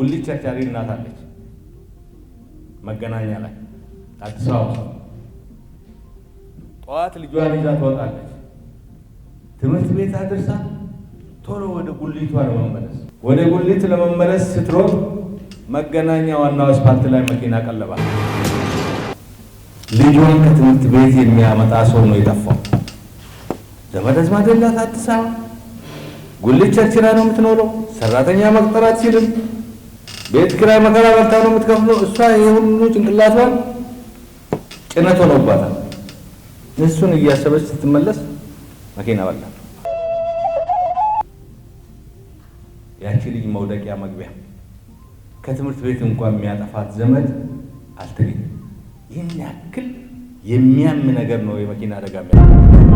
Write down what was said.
ጉልቻ ቻሪ እናት አለች መገናኛ ላይ አዲስ አበባ። ጠዋት ልጇን ይዛ ትወጣለች። ትምህርት ቤት አድርሳ ቶሎ ወደ ጉሊቷ ለመመለስ ወደ ጉሊት ለመመለስ ስትሮጥ መገናኛ ዋናው አስፓልት ላይ መኪና ቀለባል። ልጇን ከትምህርት ቤት የሚያመጣ ሰው ነው የጠፋው። ዘመድ አዝማድ የላት አዲስ አበባ ጉልቻ ችራ ነው የምትኖረው። ሰራተኛ መቅጠር አትችልም። ቤት ኪራይ መከራ በልታ ነው የምትከፍለው። እሷ የሁሉ ሁሉ ጭንቅላቷን ጭነት ሆኖባታል። እሱን እያሰበች ስትመለስ መኪና በላ። ያቺ ልጅ መውደቂያ መግቢያ ከትምህርት ቤት እንኳን የሚያጠፋት ዘመድ አልተገኘም። ይህን ያክል የሚያም ነገር ነው የመኪና አደጋ